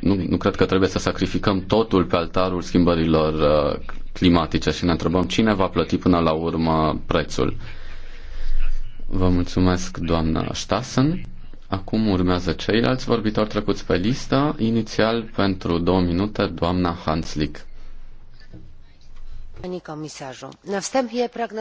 nu, nu cred că trebuie să sacrificăm totul pe altarul schimbărilor uh, climatice și ne întrebăm cine va plăti până la urmă prețul. Vă mulțumesc, doamna Stassen. Acum urmează ceilalți vorbitori trecuți pe listă. Inițial, pentru două minute, doamna Hanslick. Pani komisarzu, na wstępie pragnę